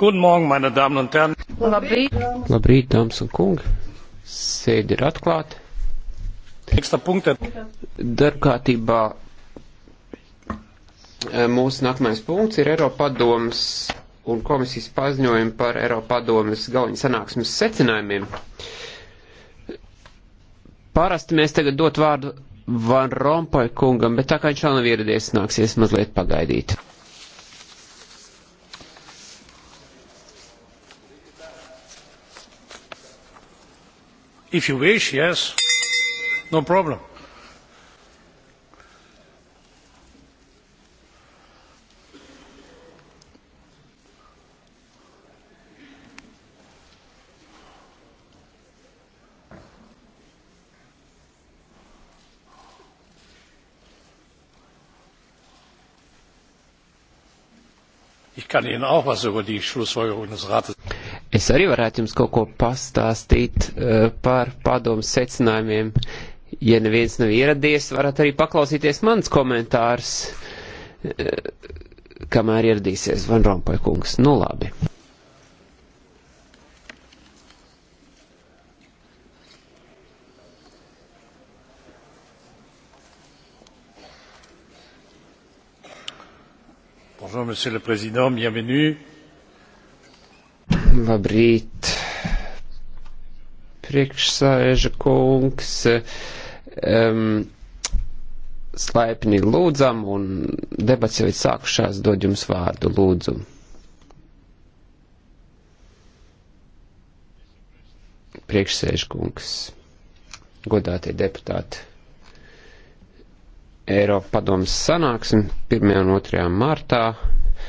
Guten Morgen, meine Damen und Herren. Labrīt, Labrīt dāmas un kungi. Sēdi ir atklāta. Darbkārtībā eh, mūsu nākamais punkts ir Eiropa padomas un komisijas paziņojumi par Eiropa padomas galviņu sanāksmes secinājumiem. Parasti mēs tagad dot vārdu Van Rompuy kungam, bet tā kā viņš vēl nav ieradies, nāksies mazliet pagaidīt. if you wish yes no problem. ich kann ihnen auch etwas über die schlussfolgerungen des rates sagen. Es arī varētu jums kaut ko pastāstīt eh, par padomu secinājumiem. Ja neviens nav ieradies, varat arī paklausīties mans komentārs, eh, kamēr ieradīsies Van Rompuy kungs. Nu labi. Bonjour, Monsieur le Président, bienvenue. Labrīt, priekšsēža kungs. Um, Slaipni lūdzam, un debats jau ir sākušās, dod jums vārdu lūdzu. Priekšsēžkungs, godātie deputāti, Eiropa padomas sanāksim 1. un 2. martā